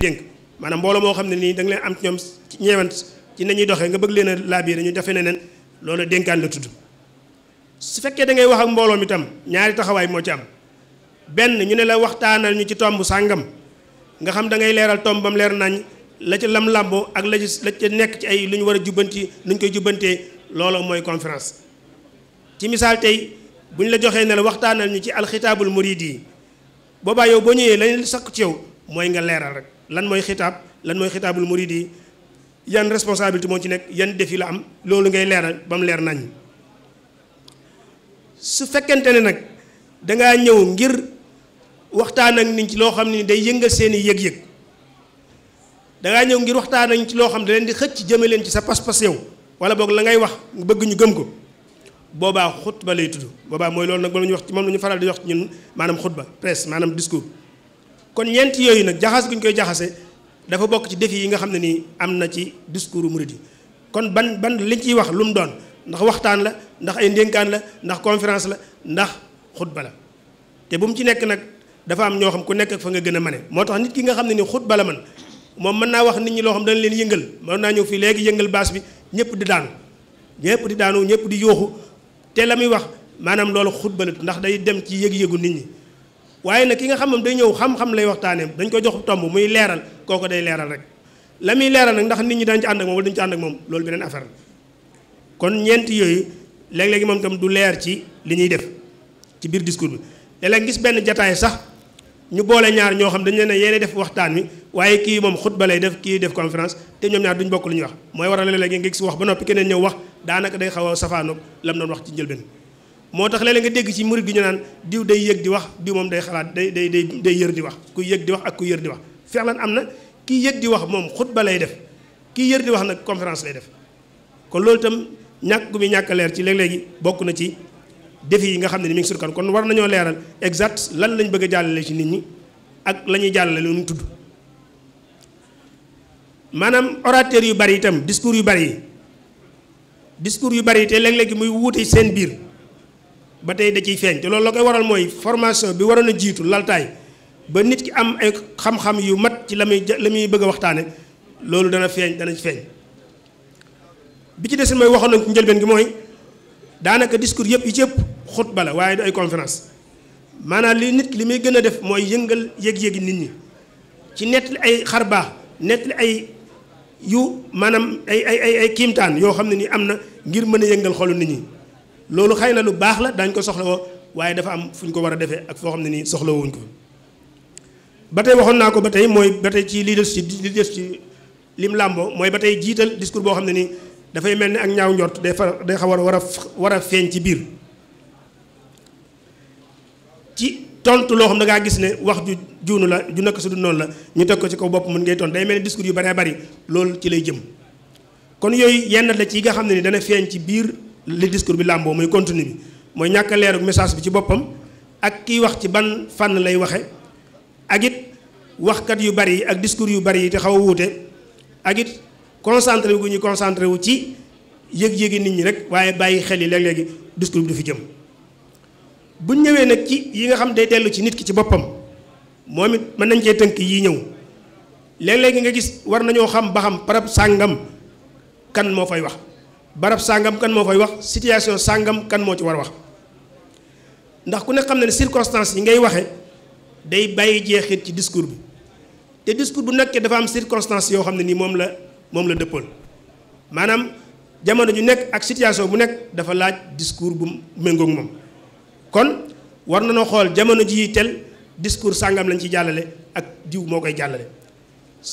dénk maanaam mbooloo moo xam ne nii da nga leen am ci ñoom ci ci ñuy doxee nga bëgg leen a laabiire ñu defee neneen loolu dénkaan la tudd su fekkee da ngay wax ak mbooloo mi tam ñaari taxawaay moo ci am benn ñu ne la waxtaanal ñu ci tomb sàngam nga xam da ngay leeral tomb bam leer nañ la ca lam làmboo ak la la ca nekk ci ay lu ñu war a jubbanti nu ñu koy jubbantee looloo mooy conférence ci misaal tey bu ñu la joxee ne la waxtaanal ñu ci alxitaabul murid yi boobaa yow boo ñëwee lañ sakku ci yow mooy nga leeral rek lan mooy xitaab lan mooy xitaabul murid yi yan responsabilité moo ci nekk yan def défi la am loolu ngay leeral ba mu leer nañ su fekkente ne nag dangaa ñëw ngir waxtaan ak nit ci loo xam ni day yëngal seeni yëg-yëg dangaa ñëw ngir waxtaan ak ci loo xam ne da di xëcc jëme leen ci sa pas-pas yow wala boog la ngay wax bëgg ñu gëm ko boobaa xutba lay tudd boobaa mooy loolu nag moom la ñuy ci moom la ñu faral di wax ñun maanaam xutba presse maanaam discours kon ñeent yooyu nag jaxas guñ koy jaxase dafa bokk ci défi yi nga xam ne nii am na ci discours murid yi kon ban ban liñ ciy wax lu mu doon ndax waxtaan la ndax ay ndénkaan la ndax conférence la ndax xutba la te bu mu ci nekk nag dafa am ñoo xam ku nekk ak fa nga gën a mane moo tax nit ki nga xam ne ni xutba la man moom mën naa wax nit ñi loo xam dañ leen yëngal mën naa ñëw fii léegi yëngal baas bi ñëpp di daanu ñëpp di daanu ñëpp di yooxu te la muy wax maanaam loolu xutba la ndax day dem ci yëg-yëgu nit ñi waaye nag ki nga xam moom day ñëw xam lay waxtaanee dañ ko jox tomb muy leeral kooku day leeral rek la muy leeral nag ndax nit ñi dañ ci ànd ak moom wala duñ ci ànd ak moom loolu beneen affaire la kon ñeent yooyu léeg-léegi moom tam du leer ci li ñuy def ci biir discours bi léeg-léeg gis benn jataay sax ñu boole ñaar ñoo xam dañ leen ne def waxtaan wi waaye kii moom xutba lay def kii def conférence te ñoom ñaar duñ bokk lu ñu wax mooy war waral léeg-léeg nga gis wax ba noppi keneen ñëw wax daanaka day xaw a safaanoog lam doon wax ci njëlbeen moo tax léeg nga dégg ci murid gi ñu naan diw day yëg di wax diw moom day xalaat day day day day yër di wax ku yëg di wax ak ku yër di wax fexlan am na kii yëg di wax moom xutba lay def kii yër di wax nag conférence lay def kon loolu itam ñàkk gu muy ñàkk leer ci léeg-léegi bokk na ci défi yi nga xam ne ni ngi surkan kon war nañoo leeral exact lan lañ bëgg a jàllale ci nit ñi ak la ñuy jàllale lu ñu tudd maanaam orateur yu bari itam discours yu bari yi discours yu bari te léeg-léegi muy wuute seen biir ba tey da ciy feeñ te loolu la koy waral mooy formation bi waroon a jiitu laltaay ba nit ki am ay xam-xam yu mat ci la muy la muy bëgg a waxtaane loolu dana feeñ dana ci feeñ bi ci des mooy waxoon nañ ci njëlbeen gi mooy daanaka discours yëpp yi ci yëpp xutba la waaye du ay conférence maanaam li nit ki li muy gën a def mooy yëngal yëg-yëgi nit ñi ci nett li ay xar baax li ay yu maanaam ay ay ay ay kiimtaan yoo xam ne nii am na ngir mën a yëngal xolu nit ñi loolu xëy na lu baax la dañ ko soxlawoo waaye dafa am fu ñu ko war a defee ak foo xam ne nii wuñ ko ba tey waxoon naa ko ba tey mooy ba tey ci li des ci li des làmboo mooy ba tey jiital discours boo xam ne nii dafay mel ni ak ñaaw njort day fa day xaw a war a war a feeñ ci biir ci tontu loo xam da ngaa gis ne wax ju juunu la ju nekk su du noonu la ñu teg ko ci kaw bopp mën ngay tontu day mel ni discours yu baree bari loolu ci lay jëm kon yooyu yenn la ci yi nga xam ne ni dana feeñ ci biir li discours bi làmboo muy contenu bi mooy ñàkk leeru message bi ci boppam ak kiy wax ci ban fànn lay waxe ak it waxkat yu bari yi ak discours yu bari yi te xaw a wuute ak it concentré wu ñuy concentré wu ci yëg-yëgi nit ñi rek waaye bàyyi xel yi léeg-léegi discours bi du fi jëm bu ñëwee nag ci yi nga xam day dellu ci nit ki ci boppam moom it mën nañ cee tënk yi ñëw léeg-léegi nga gis war nañoo xam ba xam barab sàngam kan moo fay wax barab sàngam kan moo fay wax situation sàngam kan moo ci war a wax ndax ku ne xam na ne circonstance yi ngay waxe day bàyyi jeexit ci discours bi te discours bu nekkee dafa am circonstance yoo xam ne nii moom la moom la dëppoon maanaam jamono ju nekk ak situation bu nekk dafa laaj discours bu méngook moom kon war na noo xool jamono ji tel discours sàngam lañ ci jàllale ak diw moo koy jàllale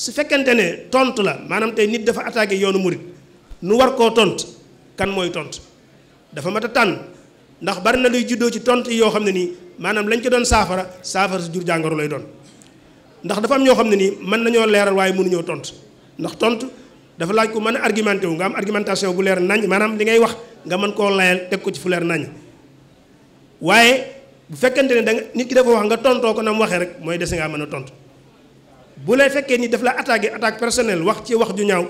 su fekkente ne tontu la maanaam tey nit dafa attaqué yoonu murit nu war koo tontu kan mooy tontu dafa mat a tànn ndax bari na luy juddoo ci tontu yoo xam ne nii maanaam lañ ci doon saafara saafara su jur jàngoro lay doon ndax dafa am ñoo xam ne nii mën nañoo leeral waaye mënuñoo tontu ndax tontu dafa laaj ko mën a argumenté wu nga am argumentation bu leer nañ maanaam li ngay wax nga mën koo layal teg ko ci fu leer nañ waaye bu fekkente ne da nga nit ki dafa wax nga tontoo na mu waxee rek mooy dese ngaa mën a tontu bu lay fekkee ni daf la attaqué attaque personnelle wax ci wax ju ñaaw.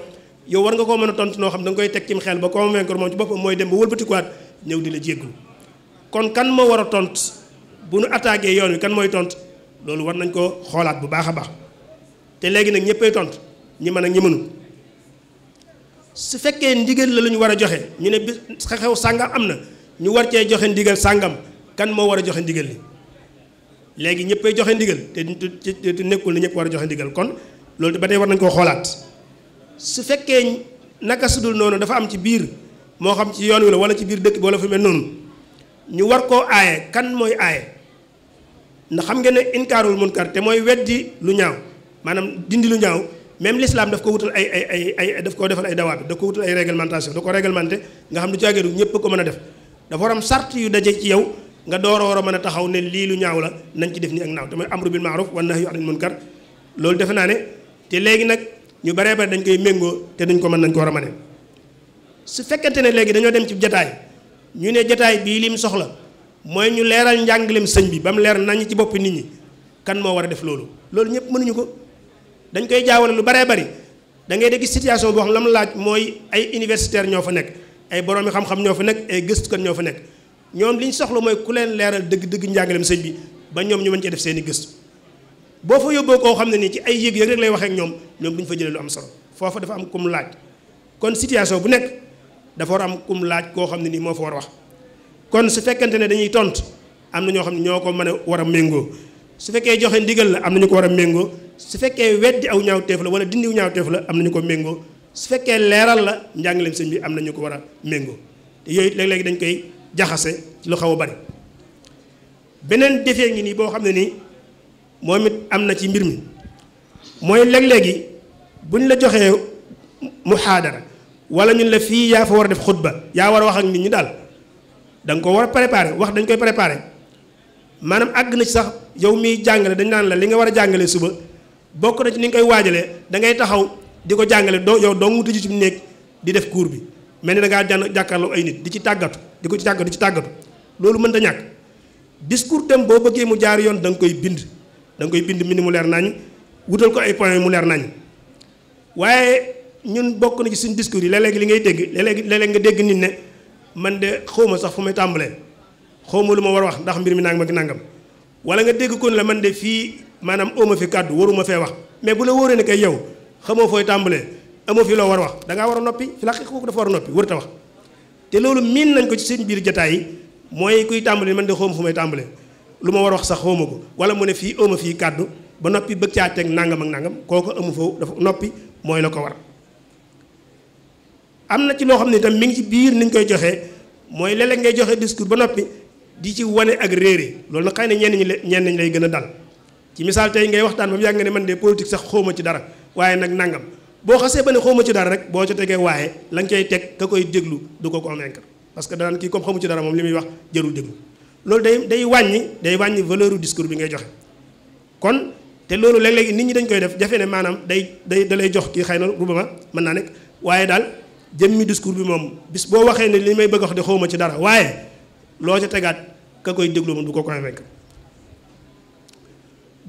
yow war nga koo mën a tontu noo xam da nga koy teg cim xel ba convaincre moom ci boppam mooy dem ba wëlbatikuwaat ñëw di la jéggul kon kan moo war a tont bu nu attaqué yoon wi kan mooy tontu loolu war nañ koo xoolaat bu baax a baax te léegi nag ñëppay tontu ñi mën ak ñi mënul su fekkee ndigal la lu ñu war a joxe ñu ne bis xew sàngam am na ñu war cee joxe ndigal sàngam kan moo war a joxe ndigal li léegi ñëppay joxe ndigal te te nekkul ne ñëpp war a joxe ndigal kon loolu ba tey war nañ koo xoolaat. su fekkee naka sudul noonu dafa am ci biir moo xam ci yoon wi la wala ci biir dëkk bi wala fu mel noonu ñu war koo aaye kan mooy aaye ndax xam ngeen ne inkaarul munkar te mooy weddi lu ñaaw maanaam dindi lu ñaaw même l'islam daf ko wutal ay ay ay ay daf koo defal ay dawaa bi daf ko wutal ay réglementation da ko réglementé nga xam du caagee du ñëpp ko mën a def dafa waram sart yu daje ci yow nga door a war a mën a taxaw ne lii lu ñaaw la nañ ci def nii ak naaw te mooy amru bil maaruf wa nahyu anil loolu defe naa ne léegi nag ñu baree bari dañ koy méngoo te dañ ko mën nañ ko war a su fekkente ne léegi dañoo dem ci jataay ñu ne jataay bii mu soxla mooy ñu leeral njàngaleem sëñ bi ba mu leer nañ ci bopp nit ñi kan moo war a def loolu loolu ñëpp mënuñu ko dañ koy jaawale lu baree bari da ngay dégg situation boo xam la mu laaj mooy ay universitaire ñoo fa nekk ay boroomi xam-xam ñoo fa nekk ay gëstu gëstukat ñoo fa nekk ñoom li soxla mooy ku leen leeral dëgg-dëgg njàngaleem sëñ bi ba ñoom ñu mën cee def seen i gëstu boo fa yóbboo koo xam ne nii ci ay yëg-yëg rek lay waxee ak ñoom ñoom duñ fa jëlee lu am solo foofa dafa am kum laaj kon situation bu nekk dafa war am kum laaj koo xam ne nii moo fa war a wax kon su fekkente ne dañuy tont am na ñoo xam ne ñoo ko mën a war a méngoo su fekkee joxe ndigal la am na ñu ko war a méngoo su fekkee weddi aw ñaawteef la wala dindiw ñaawteef la am na ko méngoo su fekkee leeral la njàngaleem sëñ bi am na ñu ko war a méngoo te yooyu léeg-léeg dañ koy jaxase ci lu xaw a bari beneen defee ngi nii boo xam ne nii moom it am na ci mbir mi mooy léeg-léegi buñ la joxee muhaadara wala ñun la fii yaa fa war a def xutba yaa war a wax ak nit ñi daal da ko war a préparer wax dañ koy préparer maanaam àgg na ci sax yow miy jàngale dañ naan la li nga war a jàngalee suba bokk na ci ni nga koy waajalee da ngay taxaw di ko jàngale doo yow doo mu tëju ci néeg di def kuur bi mel ni da ngaa jàng jàkkaarloo ay nit di ci tàggatu di ko ci tàggatu di ci tàggatu loolu mënta ñ discours dem boo bëggee mu jaar yoon da nga koy bind danga koy bind mbind mu leer nañ wutal ko ay point mu leer nañ waaye ñun bokk na ci suñu discours yi léeg-léeg li ngay dégg léeg-léeg nga dégg nit ne man de xawma sax fu may tàmbalee xawma lu ma war a wax ndax mbir mi nangam ak nangam wala nga dégg ko la man de fii maanaam ooma fi kàddu waruma fee wax mais bu la wóoree ne kay yow xamoo fooy tàmbalee amoo fi loo war a wax da ngaa war a noppi fi la kooku dafa war a noppi wërta wax te loolu miin nañ ko ci seen biir jataay yi mooy kuy tàmbalee man de xawma fu may tàmbalee lu ma war wax sax xawma ko wala mu ne fii ëma fii kàddu ba noppi bëgg caa teg nàngam ak nangam kooku amu foofu dafa noppi mooy la ko war am na ci loo xam ne itam mi ngi ci biir ni koy joxee mooy léeg-léeg ngay joxe discours ba noppi di ci wane ak réere loolu nag xëy na ñenn ñi la ñenn ñi lay gën a dal ci misaal tey ngay waxtaan ba mu yàgg ne man de politique sax xawma ci dara waaye nag nangam boo xasee ba ne xawma ci dara rek boo ca tegee waaye la koy teg ka koy déglu du ko convaincre parce que danaan kii comme xamu ci dara moom li muy wax jarul déglu loolu day day wàññi day wàññi valeur discours bi ngay joxe kon te loolu léeg-léegi nit ñi dañ koy def jafe ne maanaam day day da lay jox kii xay na ma mën naa nekk waaye daal jëmmi discours bi moom bis boo waxee ne li may bëgg wax de xawma ci dara waaye loo ca tegaat ka déglu moom du ko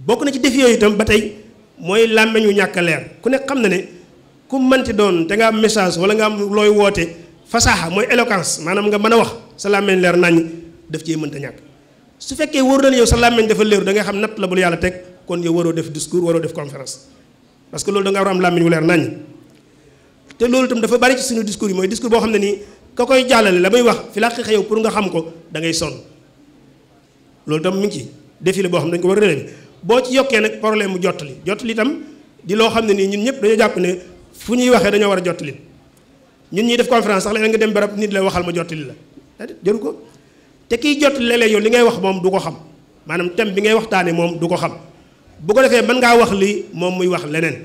bokk na ci défi yooyu itam ba tey mooy làmmeñu ñàkk a leer ku ne xam na ne ku mënti doon te nga am message wala nga am looy woote fasaaxa mooy éloquence maanaam nga mën a wax sa làmmeñ leer naññ daf cee mënta ñàkk su fekkee wóor na yow sa làmmiñ dafa leeru da nga xam napp la bul yàlla teg kon yow waroo def discours waroo def conférence parce que loolu da nga war am làmmiñ wu leer naññ te loolu tam dafa bari ci suñu discours yi mooy discours boo xam ne nii ko koy jàllale la muy wax fi la xew pour nga xam ko da ngay sonn loolu itam mi ngi ci défilé boo xam ne dañu ko war a relever boo ci yokkee nag problème mu jottali jottali itam di loo xam ne nii ñun ñëpp dañoo jàpp ne fu ñuy waxee dañoo war a jottali ñun ñuy def conférence sax la nga dem barab nit la waxal ma jottali la déedéet ko te kiy jot léeg yoon li ngay wax moom du ko xam maanaam thème bi ngay waxtaane moom du ko xam bu ko defee mën ngaa wax lii moom muy wax leneen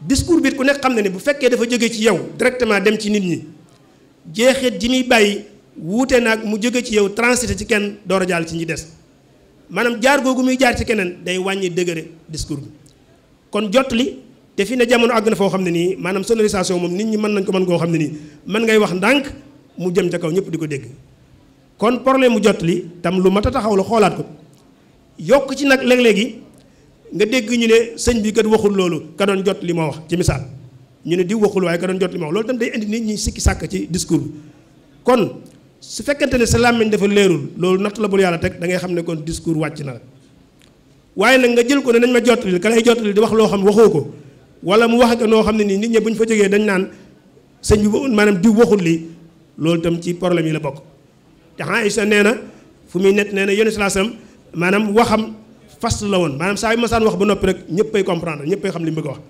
discours bi ku nekk xam na ne bu fekkee dafa jóge ci yow directement dem ci nit ñi jeexit ji muy bàyyi wuute naag mu jóge ci yow transité ci kenn doora a jàll ci ñi des maanaam jaar googu muy jaar ci keneen day wàññi dëgëre discours bi kon jot li te fi ne jamono àgg na foo xam ne nii maanaam sonorisation moom nit ñi mën nañ ko mën koo xam ne nii mën ngay wax ndànk mu jëm ca ñëpp di ko dégg kon problème mu jot li tam lu mat a taxaw la xoolaat ko yokk ci nag léeg-léegi nga dégg ñu ne sëñ bi kat waxul loolu ka doon jot li ma wax ci misaal ñu ne di waxul waaye ka jot li moo wax loolu tam day indi nit ñi sikki sàkk ci discours bi kon su fekkente ne sa làmmiñ dafa leerul loolu natt la bul yàlla teg da ngay xam ne kon discours wàcc na la waaye nag nga jël ko ne nañ ma jottali ka lay jottali di wax loo xam waxoo ko wala mu wax nga noo xam ne nii nit ñi bu ñu fa jógee dañ naan sëñ bi maanaam di waxul lii loolu tam ci problème yi la bokk Aïcha nee na fu muy net nee na yónni salaa salaam maanaam waxam fast la woon maanaam saa yu masaan wax ba noppi rek ñëppay comprendre ñëppay xam li mu bëgg a wax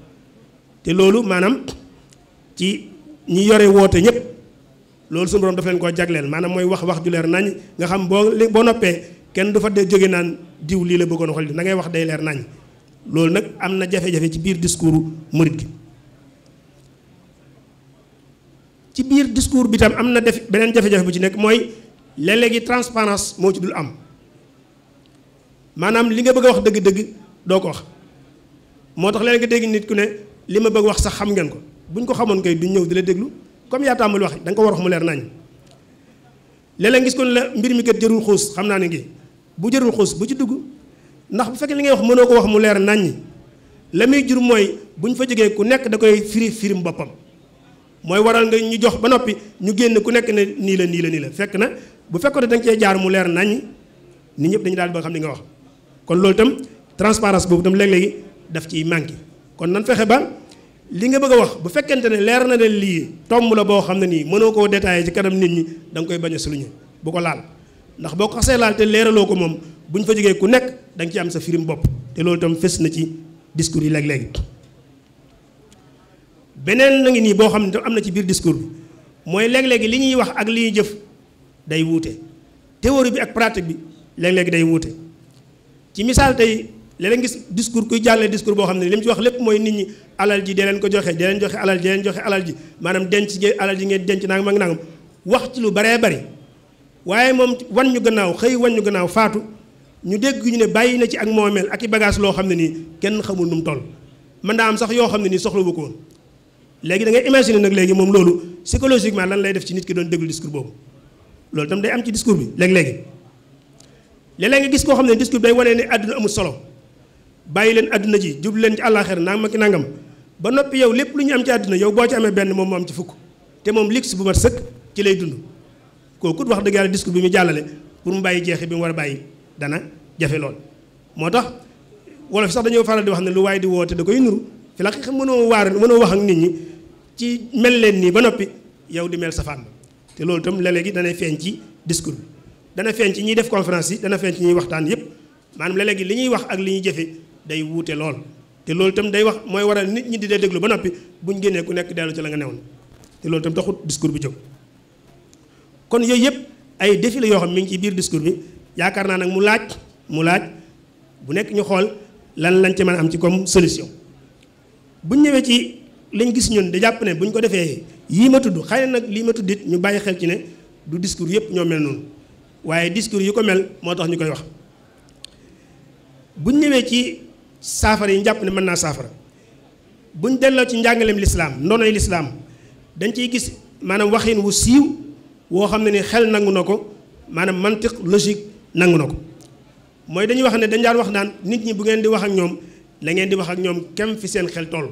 te loolu maanaam ci ñi yore woote ñëpp loolu suñu borom daf leen koo jagleel maanaam mooy wax wax ju leer nañ nga xam boo li boo noppee kenn du fa de jóge naan diw lii la bëggoon xol di na ngay wax day leer nañ loolu nag am na jafe-jafe ci biir discours murid gi ci biir discours bi tam am na def beneen jafe bu ci nekk mooy léeg-léegi transparence moo ci dul am maanaam li nga bëgg a wax dëgg-dëgg doo ko wax moo tax léeg nga dégg nit ku ne li ma bëgg wax sax xam ngeen ko buñ ko xamoon kay duñ ñëw di la déglu comme yaa tàmbali wax da nga ko war wax mu leer nañ léeg-léeg gis ko ne la mbir mi kat jërul xuus xam naa ne ngi bu jërul xuus bu ci dugg ndax bu fekkee li ngay wax mënoo ko wax mu leer nañ la muy jur mooy ñu fa jegee ku nekk da koy firi firim boppam mooy waral nga ñu jox ba noppi ñu génn ku nekk ne nii la nii la nii la fekk na bu fekkoon ne da nga cee jaar mu leer nañ nit ñëpp dañu daal di ba xam li nga wax kon loolu tam transparence boobu itam léeg-léegi daf ciy manqué kon nan fexe ba li nga bëgg a wax bu fekkente ne leer na ne lii tomb la boo xam ne nii mënoo koo détaillé ci kanam nit ñi danga koy bañ a souligné bu ko laal ndax boo ko xasee laal te leeraloo ko moom bu ñu fa jógee ku nekk da nga ci am sa firim bopp te loolu tam fës na ci discours yi léeg-léegi beneen na ngi nii boo xam ne am na ci biir discours bi mooy léeg-léegi li ñuy wax ak li jëf day wuute théorie bi ak pratique bi léeg-léeg day wuute ci misaal tey léeg-léeg gis discours kuy jàllee discours boo xam ne li mu ci wax lépp mooy nit ñi alal ji dee leen ko joxe dee leen joxe alal dee joxe alal ji maanaam denc ngeen alal ji ngeen denc nangam ak nangam wax ci lu baree bari waaye moom wan ñu gannaaw xëy wan ñu gannaaw faatu ñu dégg ñu ne bàyyi na ci ak moomeel ak i bagage loo xam ne nii kenn xamul nu mu toll mën naa am sax yoo xam ne nii soxla bu ko woon léegi da ngay imaginer nag léegi moom loolu psychologiquement lan lay def ci nit doon déglu discours loolu tam day am ci discours bi léeg-léegi léeg-léeg gis koo xam ne discours bi day wanee ne àdduna amul solo bàyyi leen àdduna ji jubleen leen ci àllaaxira nangam ak nangam ba noppi yow lépp lu ñu am ci àdduna yow boo ci amee benn moom mu am ci fukk te moom liks bu mat sëkk ci lay dund kooku wax dëgg yàlla bi mu jàllale pour mu bàyyi jeexi bi mu war a bàyyi dana jafe lool moo tax wolof sax dañoo faral di wax ne lu waaye di woote da koy nuru fi la xam mënoo waar mënoo wax ak nit ñi ci mel leen nii ba noppi yow di mel safaan te loolu tam léeg-léegi danay feeñ ci discours bi dana feeñ ci ñiy def conférence yi dana feeñ ci ñuy waxtaan yëpp maanaam léeg-léegi li ñuy wax ak li ñuy jëfe day wuute lool te loolu tam day wax mooy waral nit ñi di dee déglu ba noppi buñ génnee ku nekk dellu ci la nga newoon te loolu itam taxut discours bi jóg kon yooyu yëpp ay défi la yoo xam mi ngi ci biir discours bi yaakaar naa nag mu laaj mu laaj bu nekk ñu xool lan lañ ci mën am ci comme solution buñ ñëwee lañ gis ñun da jàpp ne bu ñu ko defee yii ma tudd xëy na nag lii ma tudd it ñu bàyyi xel ci ne du discours yëpp ñoo mel noonu waaye discours yi ko mel moo tax ñu koy wax buñ ñëwee ci saafara yi njàpp ne mën naa saafara buñ delloo ci njàngaleem lislaam ndonoy lislaam dañ ciy gis maanaam waxin wu siiw woo xam ne ni xel nangu na ko maanaam mantiq logique nangu na ko mooy dañuy wax ne dañ daan wax naan nit ñi bu ngeen di wax ak ñoom la ngeen di wax ak ñoom kem fi seen xel toll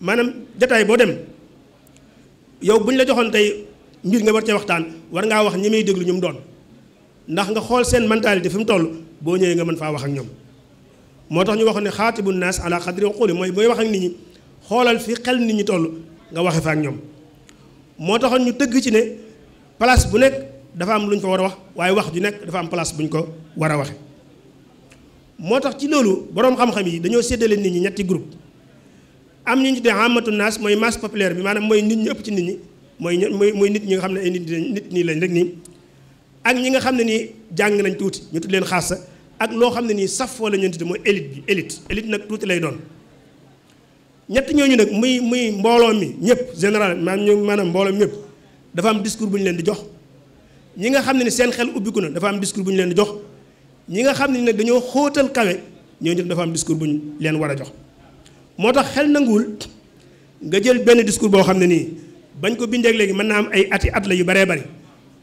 maanaam jataay boo dem yow bu ñu la joxoon tey mbir nga war cee waxtaan war ngaa wax ñi muy déglu ñu doon ndax nga xool seen mentalité fi mu toll boo ñëwee nga mën faa wax ak ñoom moo tax ñu waxoon ne xaatibu naas ala xadri xuuli mooy booy wax ak nit xoolal fi xel nit ñi toll nga waxe fa ak ñoom moo taxoon ñu tëgg ci ne place bu nekk dafa am lu ñu fa war a wax waaye wax ju nekk dafa am place bu ko war a waxe moo tax ci loolu boroom xam-xam yi dañoo séddale nit ñi ñetti groupe am ñu ñu tuddee amatu naas mooy masse populaire bi maanaam mooy nit ñi ëpp ci nit ñi mooy mooy nit ñi nga xam ne ay nit nii lañ rek nii ak ñi nga xam ne nii jàng nañ tuuti ñu tudd leen sa ak loo xam ne nii safoo la ñu tuddee mooy élite bi élite élite nag tuuti lay doon. ñett ñooñu nag muy muy mbooloo mi ñëpp général maanaam maanaam mbooloo mi ñëpp dafa am discours bu ñu leen di jox ñi nga xam ne ni seen xel ubbiku na dafa am discours bu ñu leen di jox ñi nga xam ne ni nag dañoo xóotal kawe ñooñu dafa am discours bu ñu leen war a jox. moo tax xel nanguwul nga jël benn discours boo xam ne nii bañ ko bindeek léegi mën naa am ay ati at la yu baree bari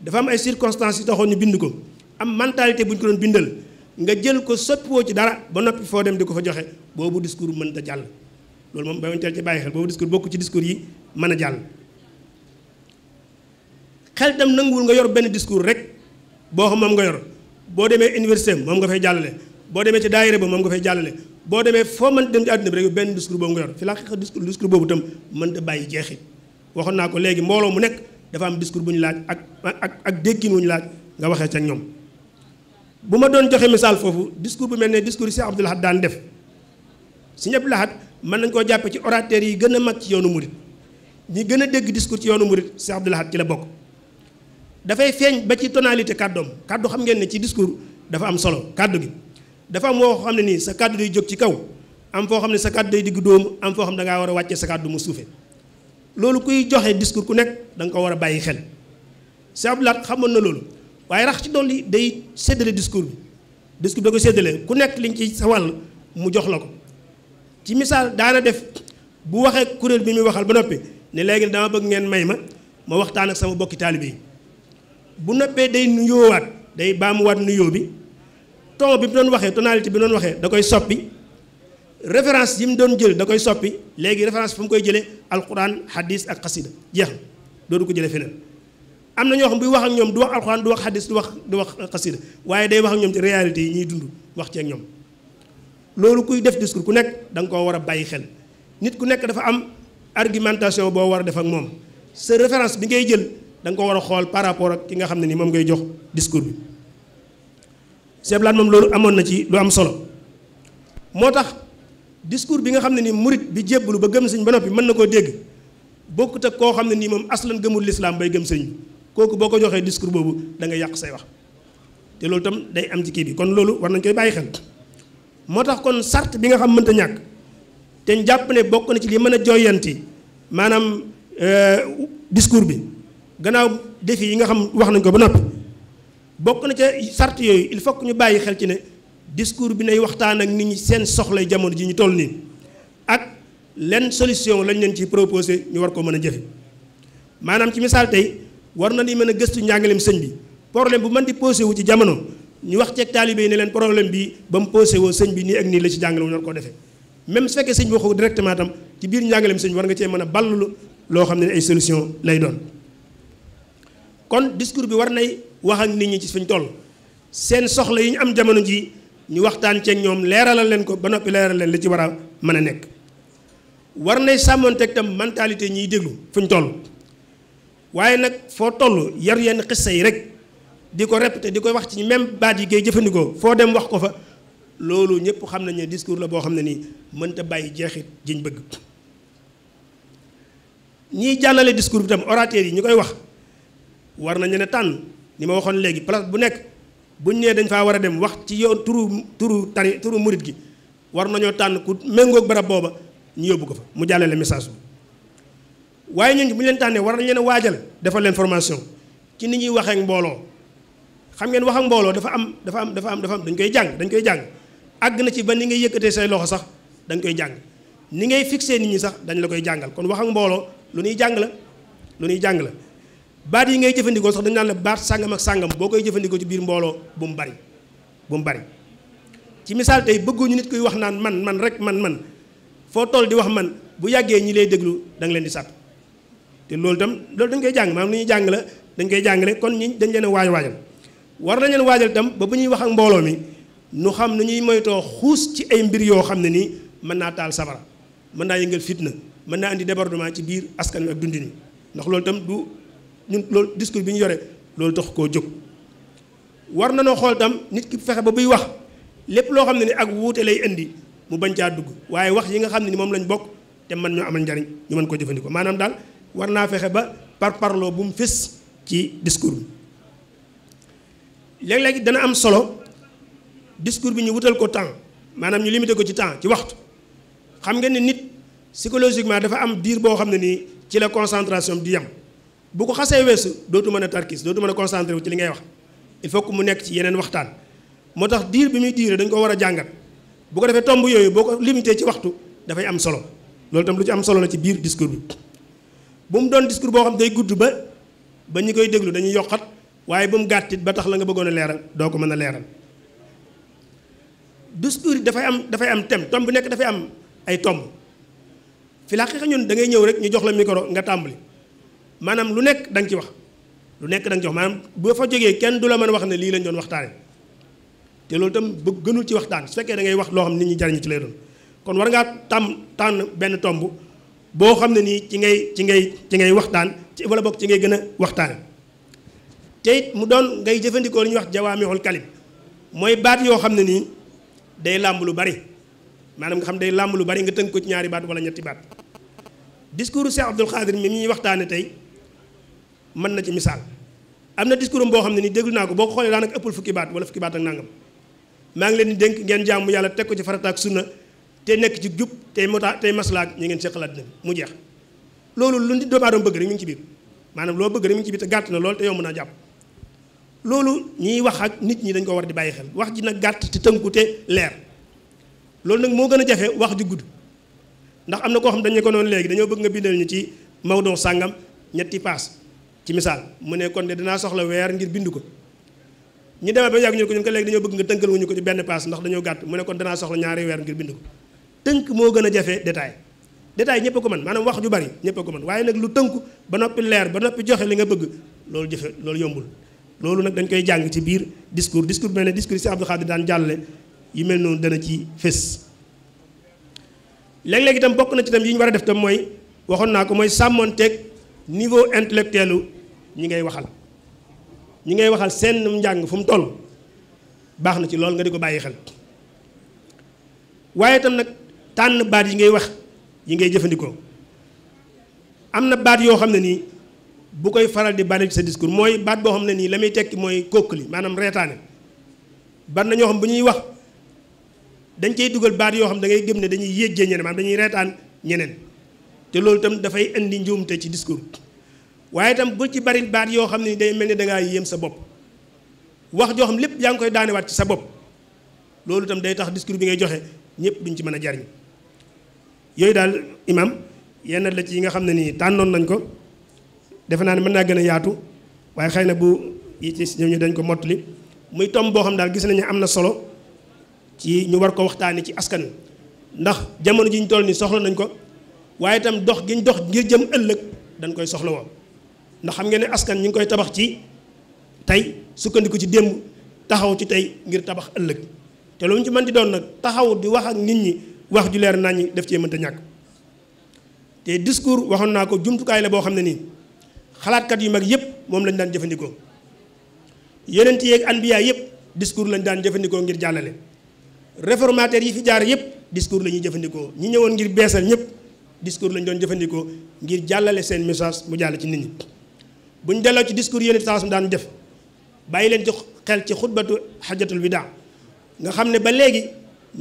dafa am ay circonstances yu taxoon ñu bind ko am mentalité bu ñu ko doon bindal nga jël ko soppiwoo ci dara ba noppi foo dem di ko fa joxe boobu discours mën da jàll loolu moom bañ teel ci bàyyi xel boobu discours bokk ci discours yi mën a jàll xel tam nanguwul nga yor benn discours rek boo xam moom nga yor boo demee université moom nga fay jàllale boo demee ci daayira ba moom nga fay jàllale boo demee foo man dem ci àdduna bi rek benn discours boobu nga yor fi laa xeex discours discours boobu itam mënta bàyyi jeexit waxoon naa ko léegi mbooloo mu nekk dafa am discours bu ñu laaj ak ak ak déggin wu ñu laaj nga waxee ca ñoom bu ma doon joxe misaal foofu discours bu mel ne discours yi Cheikh Abdoul Ahad daan def Serigne Abdoul Ahad mën nañ koo jàppe ci orateur yi gën a mag ci yoonu murit ñi gën a dégg discours ci yoonu murit Cheikh Abdoul Ahad ci la bokk dafay feeñ ba ci tonalité kàddoom kàddu xam ngeen ne ci discours dafa am solo kàddu gi dafa am woo xam ne nii sa kàddu day jóg ci kaw am foo xam ne sa kàddu day digg dóomu am foo xam ne da ngaa war a wàccee sa kàddu mu suufe loolu kuy joxe discours ku nekk danga nga ko war a bàyyi xel Cheikh Abdou Lahad xamoon na loolu waaye rax ci dolli day séddale discours bi discours bi da koy séddale ku nekk liñ ci sa wàll mu jox la ko ci misaal daana def bu waxee kuréel bi muy waxal ba noppi ne léegi dama bëgg ngeen may ma ma waxtaan ak sama bokki taalibe bu noppee day nuyoowaat day baamuwaat nuyoo bi ton bi mu doon waxee tonalité bi mu doon waxee da koy soppi référence yi mu doon jël da koy soppi léegi référence fu mu koy jëlee alquran hadis ak xasida jeex na doodu ko jëlee feneen am na ñoo xam buy wax ak ñoom du wax alquran du wax hadis du wax du wax xasida waaye day wax ak ñoom ci réalité yi ñuy dund wax ci ñoom loolu kuy def discours ku nekk da nga koo war a bàyyi xel nit ku nekk dafa am argumentation boo war a def ak moom sa référence bi ngay jël da ko war a xool par rapport ak ki nga xam ne ni moom ngay jox discours bi seblaat moom loolu amoon na ci lu am solo moo tax discours bi nga xam ne ni murit bi jébbalu ba gëm sëñ ba noppi mën na koo dégg bokkut ak koo xam ne nii moom aslan gëmul lislaam bay gëm sëñ kooku boo ko joxee discours boobu da nga yàq say wax te loolu tam day am ci kii bi kon loolu war nañ koy bàyyi xel moo tax kon sart bi nga xam mënta ñàkk te jàpp ne bokk na ci li mën a joyanti maanaam euh, discours bi gannaaw défi yi nga xam wax nañ ko ba noppi bokk na ca sart yooyu il faut que ñu bàyyi xel ci ne discours bi nay waxtaan ak nit ñi seen soxlay jamono ji ñu toll nii ak lenn solution lañ leen ci proposé ñu war ko mën a jëfe maanaam ci misaal tey war na ni mën a gëstu njàngaleem sëñ bi problème bu mën di posé wu ci jamono ñu wax ceeg taalibe yi ne leen problème bi ba mu posé woo sëñ bi nii ak nii la ci jàngale wu ñu war koo defee même su fekkee sëñ bi waxu directement tam ci biir njàngaleem sëñ bi war nga cee mën a ballulu loo xam ne ay solution lay doon wax ak nit ñi ci suñ toll seen soxla yi ñu am jamono ji ñu waxtaan ceeg ñoom leeralal leen ko ba noppi leeral leen li ci war a mën a nekk war nay sàmmoonteeg tam mentalité ñiy déglu fuñ toll waaye nag foo toll yar yenn xissa yi rek di ko répété di ko wax ci même baat yi koy jëfandikoo foo dem wax ko fa loolu ñëpp xam nañ ne discours la boo xam ne nii mënta bàyyi jeexit jiñ bëgg ñiy jàllale discours bi tam orateur yi ñu koy wax war nañu ne tànn li ma waxoon léegi place bu nekk buñ nee dañ faa war a dem wax ci yoon turu turu tari turu murit gi war nañoo tànn ku méngoog barab booba ñu yóbbu ko fa mu la message bi waaye ñun bu ñu leen tànnee war nañ leen waajal defal leen formation ci ni ñuy waxeek mbooloo xam ngeen wax mbooloo dafa am dafa am dafa am dafa am dañ koy jàng dañ koy jàng àgg na ci ba ni ngay yëkkatee say loxo sax dañ koy jàng ni ngay fixé nit ñi sax dañ la koy jàngal kon wax ak mbooloo lu ñuy jàng la lu baat yi ngay jëfandikoo sax dañ naan la baat sàngam ak sàngam boo koy jëfandikoo ci biir mbooloo bu mu bari bu mu bari ci misaal tey bëgguñu nit kuy wax naan man man rek man man foo toll di wax man bu yàggee ñi lay déglu da leen di sàpp te loolu itam loolu dañ koy jàng maanaam lu ñuy jàng la dañ koy jàngale kon ñi dañ leen a waaj waajal war nañ leen waajal itam ba bu ñuy wax ak mbooloo mi nu xam na ñuy moytoo xuus ci ay mbir yoo xam ne nii mën naa taal safara mën naa yëngal fitna mën naa indi débordement ci biir askan wi ak ñun loolu discours bi ñu yore loolu tax koo jóg war na noo xool tam nit ki fexe ba buy wax lépp loo xam ne ni ak wuute lay indi mu bañ caa dugg waaye wax yi nga xam ne ni moom lañu bokk te man ñoo amal njariñ ñu mën ko jëfandikoo maanaam daal war naa fexe ba par parloo bu mu fés ci discours bi léeg-léeg dana am solo discours bi ñu wutal ko temps maanaam ñu limité ko ci temps ci waxtu xam nga ne nit psychologiquement dafa am diir boo xam ne nii ci la concentration di yam bu ko xasee weesu dootu mën a tarkis dootu mën a concentré wu ci li ngay wax il faut que mu nekk ci yeneen waxtaan moo tax diir bi muy diire dañ ko war a jàngat bu ko defee tomb yooyu boo ko limité ci waxtu dafay am solo loolu tam lu ci am solo la ci biir discours bi bu mu doon discours boo xam day gudd ba ba ñu koy déglu dañuy yokkat waaye bu mu gàttit ba tax la nga bëggoon a leeral doo ko mën a leeral discours yi dafay am dafay am thème tomb bu nekk dafay am ay tomb fi laa xeex ñun da ngay ñëw rek ñu jox la micro nga tàmbali maanaam lu nekk da nga ci wax lu nekk da nga ci wax maanaam boo fa jógee kenn du la mën wax ne lii lañ doon waxtaane te loolu tam bëgg gënul ci waxtaan su fekkee da ngay wax loo xam nit ñi jariñu ci lay doon kon war ngaa tàmm tànn benn tomb boo xam ne nii ci ngay ci ngay ci ngay waxtaan ci wala bokk ci ngay gën a waxtaane te mu doon ngay jëfandikoo li ñuy wax jawaamixul kalim mooy baat yoo xam ne nii day làmb lu bari maanaam nga xam day làmb lu bari ko ci ñaari baat wala ñetti baat discours Cheikh Abdoul Khadir mi ñuy waxtaane tey mën na ci misaal am na discours am boo xam ne ni déglu naa ko boo ko xoolee daanaka ëppul fukki baat wala fukki baat ak nangam maa ngi leen di dénk ngeen jaamu yàlla teg ko ci farata ak sunna te nekk ci jub tey mota tey maslaak ñu ngeen seqal àddina bi mu jeex loolu lu nit doomu aadama bëgg rek mi ngi ci biir maanaam loo bëgg rek mi ci biir te gàtt na loolu te yomb naa jàpp loolu ñiy wax ak nit ñi dañ ko war di bàyyi xel wax ji nag gàtt te tënku te leer loolu nag moo gën a jafe wax ju gudd ndax am na koo xam dañu ko noonu léegi dañoo bëgg nga bindal ñu ci Maodo sàngam ñetti paas ci misaal mu ne kon de dinaa soxla weer ngir bind ko ñu demee ba yàgg ñu ko ñun ko léegi dañoo bëgg nga tënkal wuñu ko ci benn paas ndax dañoo gàtt mu ne kon danaa soxla ñaari weer ngir bind ko tënk moo gën a jafe détail détail ñëpp a ko mën maanaam wax ju bari ñëpp a ko mën waaye nag lu tënku ba noppi leer ba noppi joxe li nga bëgg loolu jafe loolu yombul loolu nag dañ koy jàng ci biir discours discours mel ne discours si Abdou Khadir daan jàllale yu mel noonu dana ci fés léeg-léeg itam bokk na ci itam yi ñu war a def tam mooy waxoon naa ko mooy sàmmoonteeg niveau intellectuel ñi ngay waxal ñu ngay waxal seen njàng fu mu toll baax na ci loolu nga di ko bàyyi xel waaye tam nag tànn baat yi ngay wax yi ngay jëfandikoo am na baat yoo xam ne nii bu koy faral di bari ci sa discours mooy baat boo xam ne nii la muy tekki mooy li maanaam reetaane bari na ñoo xam bu ñuy wax dañ cay dugal baat yoo xam da ngay gëm ne dañuy yéejjee ñeneen maanaam dañuy reetaan ñeneen te loolu itam dafay indi njuumte ci discours waaye itam bu ci bari baat yoo xam ne day mel ni da ngaa yéem sa bopp wax joo xam lépp yaa ngi koy daane waat ci sa bopp loolu itam day tax discours bi ngay joxe ñëpp duñ ci mën a jariñ yooyu daal imam yenn la ci yi nga xam ne nii tànnoon nañ ko defe naa ne mën naa gën a yaatu waaye xëy na bu yi ci ñoom ñu dañ ko li muy tomb boo xam daal gis nañu am na solo ci ñu war ko waxtaanee ci askan ndax jamono ji ñu toll nii nañ ko. waaye itam dox gi ñu dox ngir jëm ëllëg dañ koy soxla woon ndax xam ngeen ne askan ñu ngi koy tabax ci tey sukkandiku ci démb taxaw ci tey ngir tabax ëllëg te lu mu ci mën di doon nag taxaw di wax ak nit ñi wax ju leer naññi def cee mënta ñàkk te discours waxoon naa ko jumtukaay la boo xam ne nii xalaatkat yu mag yëpp moom lañ daan jëfandikoo yonent yeeg anbiya yëpp discours lañ daan jëfandikoo ngir jàllale réformateur yi fi jaar yëpp discours la ñuy jëfandikoo ñi ñëwoon ngir beesal ñëpp. discours lañ doon jëfandikoo ngir jàllale seen message mu jàll ci nit ñi buñ delloo ci discours yéen it daan def bàyyi leen ci xel ci xutbatu xajatul bidaa nga xam ne ba léegi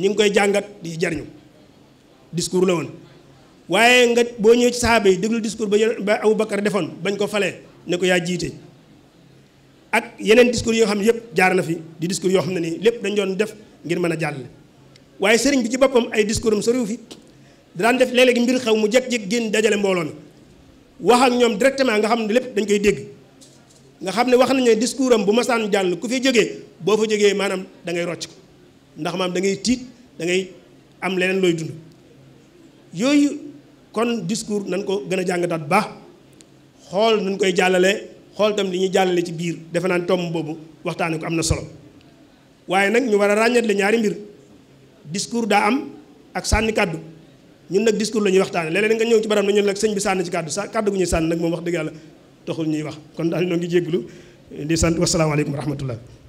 ñu ngi koy jàngat di jariñu discours la woon waaye nga boo ñëwee ci saaba yi déglu discours ba ba Abu Bakar defoon bañ ko falee ne ko yaay jiite ak yeneen discours yoo xam ne yëpp jaar na fi di discours yoo xam ne nii lépp dañ doon def ngir mën a jàll waaye sëriñ bi ci boppam ay discours am soriw fi daan def léeg-léegi mbir xew mu jékki-jékki génn dajale mbooloo wax ak ñoom directement nga xam ne lépp dañ koy dégg nga xam ne wax nañu ne discours bu ma masaan jàll ku fi jógee boo fa jógee maanaam da ngay rocc ko ndax maam da ngay tiit dangay am leneen looy dund yooyu kon discours nañ ko gën a jàngataat baax xool nuñ koy jàllale xool tam li ñuy jàllale ci biir defe naan tomb boobu waxtaane ko am na solo waaye nag ñu war a ràññat le ñaari mbir discours daa am ak sànni kàddu ñun nag discours la ñuy waxtaane léeg-léeg nga ñëw ci barab na ñun nag sëñ bi sànni ci kàddu sa kàddu gu ñuy sànni nag moom wax dëgg yàlla taxul ñuy wax kon daal ñoo ngi jégglu di sant wasalaamaaleykum wa rahmatullah